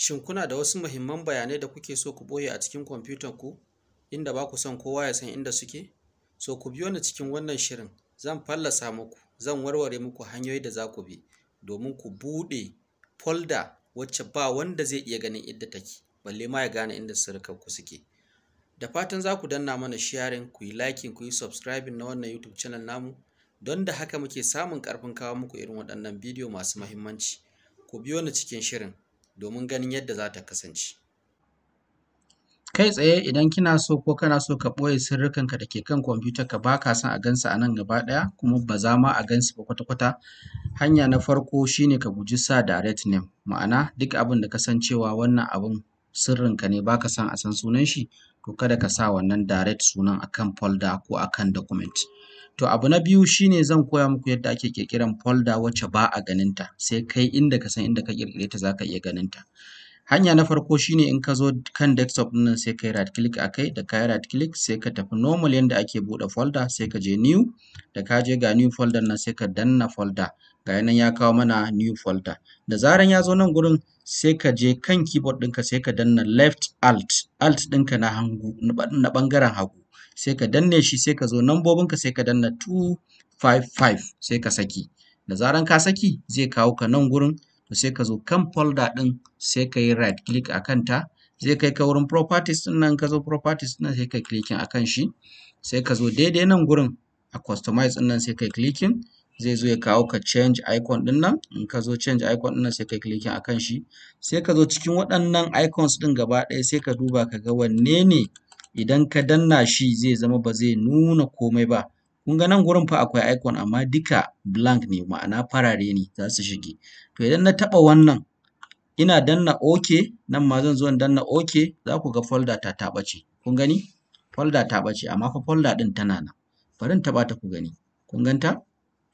Shin kuna da wasu muhimman bayanai da kuke so ku ɓoye a cikin kwamfutar ku inda ba ku son kowa ya san inda suke? So ku biyo ni cikin wannan shirin, zan fallasa muku, zan warware muku hanyoyi da za ku bi domin ku buɗe folda wacce ba wanda zai iya ganin inda take, balle ma ya gane inda ku suke. Da fatan za ku danna mana sharing, ku yi liking, ku yi subscribing na wannan YouTube channel namu don da haka muke samun karfin kawo muku irin waɗannan bidiyo masu muhimmanci. Ku biyo ni cikin shirin. domin ganin yadda za ta kasance. Kai tsaye idan kina so ko kana so ka ɓoye sirrikanka da ke kan kwamfutar ka ba ka son a gansa a nan gaba ɗaya kuma ba za ma a gansu ba kwata-kwata hanya na farko shine ka guji sa direct name ma'ana duk abin da ka san cewa wannan abin sirrinka ne ba ka son a san sunan shi to kada ka sa wannan direct sunan akan folder ko akan document to abu na biyu shine zan koya muku yadda ake ƙirƙiran folder wacce ba a ganinta sai kai inda ka san inda ka ƙirƙire ta zaka iya ganinta Hanya na farko shine in ka zo kan desktop ɗin nan sai ka yi right click a kai, da ka yi right click sai ka tafi normal yanda ake buɗe folder sai ka je new, da ka je ga new folder nan sai ka danna folder, ga nan ya kawo mana new folder. Da zaran ya zo nan gurin sai ka je kan keyboard ɗinka sai ka danna left alt, alt ɗinka na hangu, na ɓangaren hagu. Sai ka danne shi sai ka zo nambobinka sai ka danna 255 sai ka saki. Da zaran ka saki zai kawo ka nan gurin to sai ka zo kan folder ɗin sai ka yi right click a kanta zai kai ka wurin properties ɗin nan ka zo properties ɗin sai ka clicking a kan shi sai ka zo daidai nan gurin a customize ɗin nan sai ka clicking zai zo ya kawo ka change icon ɗin nan in ka zo change icon ɗin nan sai ka clicking a kan shi sai ka zo cikin waɗannan icons ɗin gaba ɗaya sai ka duba ka ga wanne ne idan ka danna shi zai zama ba zai nuna komai ba kun ga nan gurin fa akwai icon amma duka blank ne ma'ana farare ne za su shige to idan na taɓa wannan ina danna OK nan ma zan zo in danna OK za ku ga folda ta ta ɓace kun gani folder ta ɓace amma fa folder ɗin tana nan bari in taɓa ta ku gani kun ganta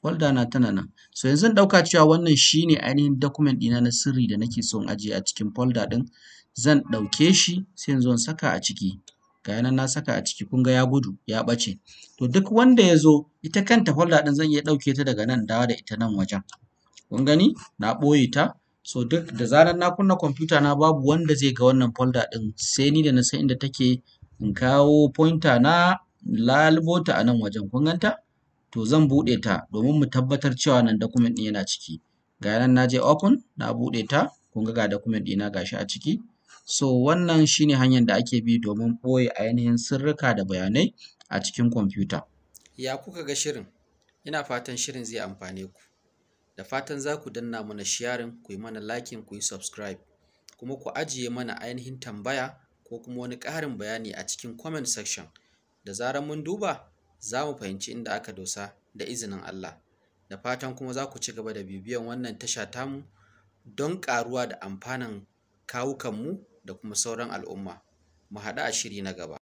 folder na tana nan so yanzu ɗauka cewa wannan shine ainihin document ɗina na sirri da nake so in ajiye a cikin folda ɗin zan ɗauke shi sai in zo in saka a ciki ga yanan na saka a ciki kun ga ya gudu ya ɓace to duk wanda ya zo ita kanta folda ɗin zan iya ɗauke ta daga nan dawa da ita nan wajen kun gani na ɓoye ta so duk da zarar na kunna kwamfuta na babu wanda zai ga wannan folder ɗin sai ni da na san inda take in kawo pointer na lalubo ta a nan wajen kun ganta to zan buɗe ta domin mu tabbatar cewa nan document ɗin yana ciki ga nan na je open na buɗe ta kun ga ga document ɗina gashi a ciki So wannan shi ne hanyar da ake bi domin ɓoye ainihin sirrika da bayanai a cikin kwamfuta. Ya kuka ga shirin? Ina fatan shirin zai amfane ku. Da fatan za ku danna mana sharing, ku yi mana liking, ku yi subscribe, kuma ku ajiye mana ainihin tambaya ko kuma wani ƙarin bayani a cikin comment section. Da zarar mun duba, za mu fahimci inda aka dosa da izinin Allah. Da fatan kuma za ku ci gaba da bibiyan wannan tasha tamu don ƙaruwa da amfanin kawukanmu da kuma sauran al'umma. Mu haɗu a shiri na gaba.